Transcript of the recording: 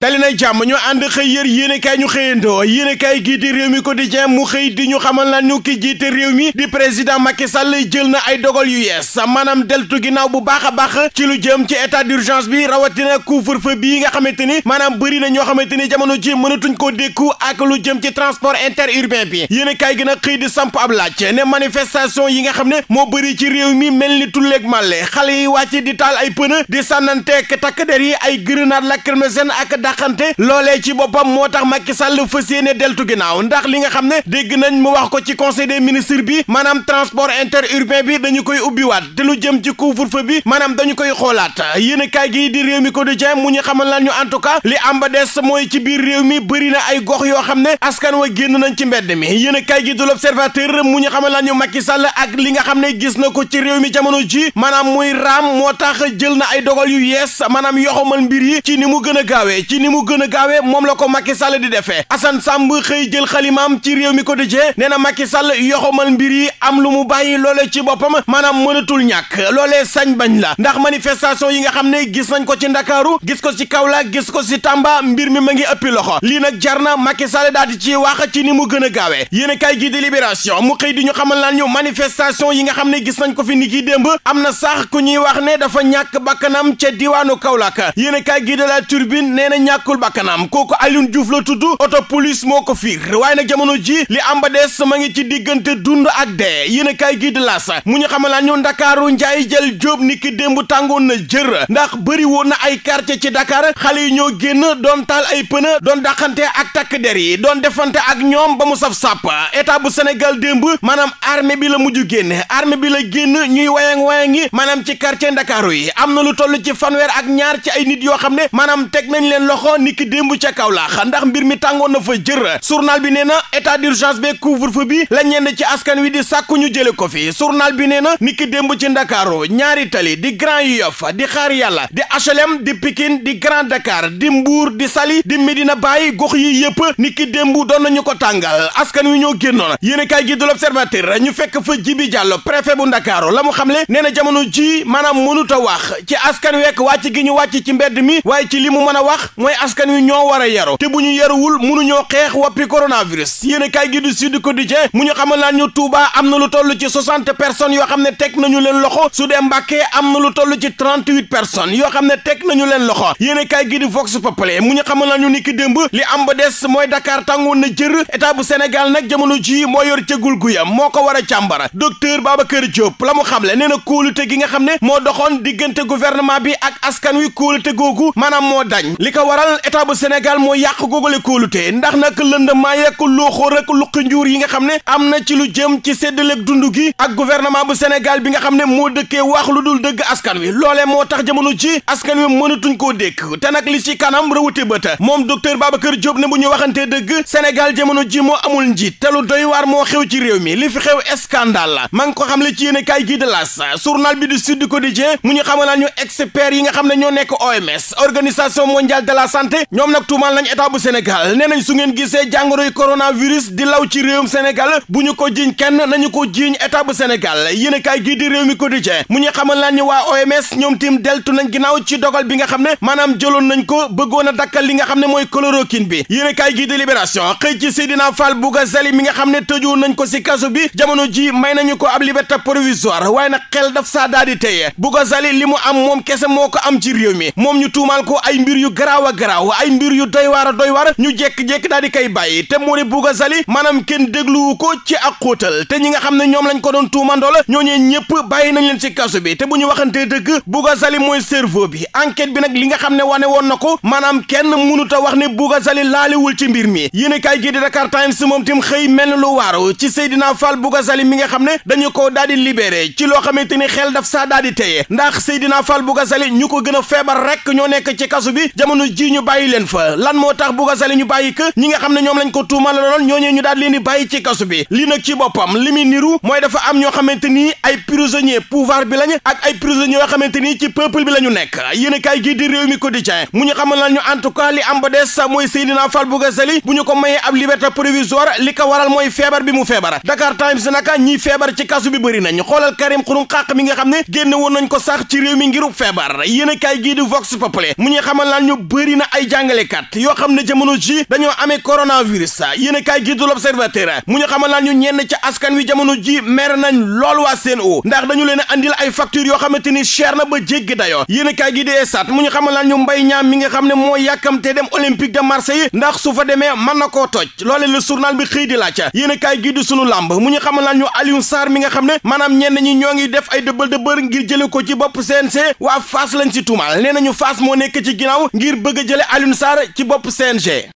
dali na jàmm ñu ànd xëy yër yéenekaay ñu xëyandoo yéenekaay gii di réew mi ko quotidien mu xëy di ñu xamal na ñu ki jiite réew mi di président Macky Sall jël na ay dogal yu yees maanaam deltu ginnaaw bu baax a baax ci lu jëm ci état d'urgence bi rawatina couvre-feu bii nga xamante ni maanaam bëri na ñoo xamante ni jamono ji mënatuñ ko dékku ak lu jëm ci transport interurbain bi yéenekaay gi nag xëy di samp ab laaj ne manifestation yi nga xam ne moo bëri ci réew mi mel ni tulleeg màlle xale yi wàcc di taal ay pneu di sànnanteek takk der yi ay grenade lacrymogène ak dàqante loolee ci boppam moo tax Macky Sall fas yéene deltu ginnaaw ndax li nga xam ne dégg nañ mu wax ko ci conseil des ministres bi maanaam transport interurbain bi dañu koy ubbiwaat te lu jëm ci couvre-feu bi maanaam dañu koy xoolaat yéen kaay gi di réew mi quotidien mu ñu xamal lan ñu en tout cas li am ba des mooy ci biir réew mi bëri na ay gox yoo xam ne askan wa génn nañ ci mbedd mi yéen a kaay gi du l'observateur mu ñu xamal lan ñu Macky Sall ak li nga xam ne gis na ko ci réew mi jamono ji maanaam muy raam moo tax jël na ay dogal yu yees maanaam yoxamal mbir ni mu gën a gaawee ci ni mu gën a gaawee moom la ko Macky Sall di defee Assane Samb xëy jël xalimaam ci réew mi ko dëjee nee na Macky Sall yoxamal mbir yi am lu mu bàyyi loolee ci boppam maanaam mënatul ñàkk loolee sañ bañ la ndax manifestation yi nga xam ne gis nañ ko ci Ndakaaru gis ko ci Kaolack gis ko ci Tamba mbir mi ma ngi ëppi loxo lii nag jar na Macky Sall daal di ci wax ci ni mu gën a gaawee yéen a di Libération mu xëy di ñu xamal laan ñu manifestation yi nga xam ne gis nañ ko fi ni ki démb am na sax ku ñuy wax ne dafa ñàkk bakkanam cee diwaanu Kaolack yéen a kaay gi de la ñàkkul bakkanam kooku Alioune Diouf la tudd oto police moo ko fiir waaye nag jamono ji li am ba des sama ngi ci diggante dund ak dee yéen a kaay gi di laas mu ñu xamal ñu Ndakaaru njaay jël jóob ni démb tàngoon na jër ndax bëri woon na ay quartier ci Dakar xale yi ñoo génn doon taal ay pneu doon daqante ak takk der yi doon defante ak ñoom ba mu saf sàpp état bu senegal démb maanaam arme bi la mujj génn armée bi la génn ñuy wayang wayang yi maanaam ci quartier Ndakaaru yi am na lu toll ci fanweer ak ñaar ci ay nit yoo xam ne maanaam teg nañ loxo niki démb ca Kaolack ndax mbir mi tàngoon na fa jër journal bi nee na état d'urgence be couvre-feu bi la ñeen ñenn ci askan wi di sàkku ñu jële ko fi journal bi nee na niki démb ci Ndakaaru ñaari tali di Grand Yoff di Xaar Yàlla di HLM di Pikine di Grand Dakar di mbuur di sali di Medina Baye gox yi yëpp niki démb doon nañu ko tàngal askan wi ñoo génnoon yéen a kaay gi de l'Observateur ñu fekk fa Jibi Diallo préfet bu Ndakaaru la mu xamle nee na jamono ji maanaam mënut a wax ci askan wàcc gi ñu wàcc ci mbedd mi waaye ci li mu mën a wax mooy askan wi ñoo war a yaru te bu ñu yaruwul mënuñoo xeex wàppi coronavirus yéen kay gi du Sud Quotidien mu ñu xamal laan ñu Touba am na lu toll ci soixante personnes yoo xam ne teg nañu leen loxo su dee Mbàkke am na lu toll ci trente-huit personnes yoo xam ne teg nañu leen loxo yéen kay gi di Vox Populi mu ñu xamal laan ñu ni ki démb li am ba des mooy Dakar tàngoon na jër état bu Sénégal nag jamono ji moo yor cëggul guyam moo ko war a càmbara docteur Babacar Diop la mu xamle nee na kóolute gi nga xam ne moo doxoon diggante gouvernement bi ak askan wi kóolute googu maanaam moo dañ waral état bu Sénégal moo yàq googale kóolute ndax nag lëndëmaa yeeg looxoo rek luqi njuur yi nga xam ne am na ci lu jëm ci séddaleeg dund gi ak gouvernement bu Sénégal bi nga xam ne moo dëkkee wax lu dul dëgg askan wi loole moo tax jamono ji askan wi mënatuñ koo dékk te nag li ci kanam rawute bëta moom docteur kër Diop ne bu ñu waxantee dëgg Sénégal jamono ji moo amul njiit te lu doy waar moo xew ci réew mi li fi xew scandale la ma ko xam le ci yéene kaay gii de las journal bi du Sud Quotidien mu ñu xamal ñu experts yi nga xam ne ñoo nekk OMS organisation mondiale de santé ñoom nag tuumaal nañ état bu Sénégal nee nañ su ngeen gisee jàngoroy coronavirus di law ci réewum Sénégal bu ñu ko jiiñ kenn nañu ko jiiñ état bu Sénégal yéen kaay gii di réew mi quotidien mu ñu xamal laan ñu waa OMS ñoom tiim deltu nañ ginnaaw ci dogal bi nga xam ne maanaam jëloon nañ ko bëggoon a dakkal li nga xam ne mooy kiin bi yéen kaay gii di libération xëy ci Seydina Fall sali mi nga xam ne tëju nañ ko si kaso bi jamono ji may nañu ko ab liberté provisoire waaye nag xel daf saa daal di teye Bougazelli li mu am moom kese moo ko am ci réew mi moom ñu tuumaal ko ay mbir yu garaaw garaaw a garaaw ay mbir yu doy waar a doy waar ñu jekk-jekk daal di koy bàyyi te moo di Bougazelli maanaam kenn dégluwu ko ci ak xóotal te ñi nga xam ne ñoom lañ ko doon tuumandoo ñoo ñooñee ñëpp bàyyi nañ leen ci kaso bi te bu ñu wax waxantee dëgg Bougazelli mooy cerveau bi enquête bi nag li nga xam ne wane woon na ko maanaam kenn mënut ta wax ne Bougazelli laaliwul ci mbir mi yéen kaay gi di Dakar Times moom tim xëy mel lu waaru ci Seydina Fall sali mi nga xam ne dañu ko daal di libéré ci loo xamante ni xel daf saa daal di teye ndax Seydina Fall Bougazelli ñu ko gën a feebar rek ñoo nekk ci kaso bi ji ñu bàyyi leen fa lan moo tax Bouga Sali ñu bàyyi ka ñi nga xam ne ñoom lañ ko tuumal loon ñooñee ñu daal leen di ci kasu bi ci boppam li muy niru mooy dafa am ñoo xamante ni ay prisonnier pouvoir bi lañ ak ay prisonniers yoo xamante ni ci peuple bi la ñu nekk yéen a kaay gii di réew mi quotidien mu ñu xamal la ñu en tout cas am ba des mooy Seydina Fall Bouga Sali bu ñu ko mayee ab liberté provisoire li ko waral mooy feebar bi mu feebar Dakar Times naka ñiy feebar ci kasu xam ne génn woon ko sax ci réew mi ngirub feebar bëri na ay jàngalekat yoo xam ne jamono ji dañoo amee coronavirus yéen kaay gi du l'observateur mu ñu xam laan ñu ñenn ca askan wi jamono ji mer nañ lool waa Sen'Eau ndax dañu leen andil ay facture yoo xamante ni cher na ba jéggi dayoo yéen kaay gi di Stades mu ñu xamal laan ñu Mbaye Niang mi nga xam ne moo yàkkamte dem Olympique de Marseille ndax su demee mën na koo toj loole le journal bi xëy di laaj yéen kaay gi di sunu làmb mu ñu xamal laan ñu Alioune Sarr mi nga xam ne maanaam ñenn ñi ñoo ngi def ay dëbbal dëbbal ngir jële ko ci bopp CNG waa Fass moo nekk ci ginnaaw bëgg a jële Alioune Sarr ci bopp CNG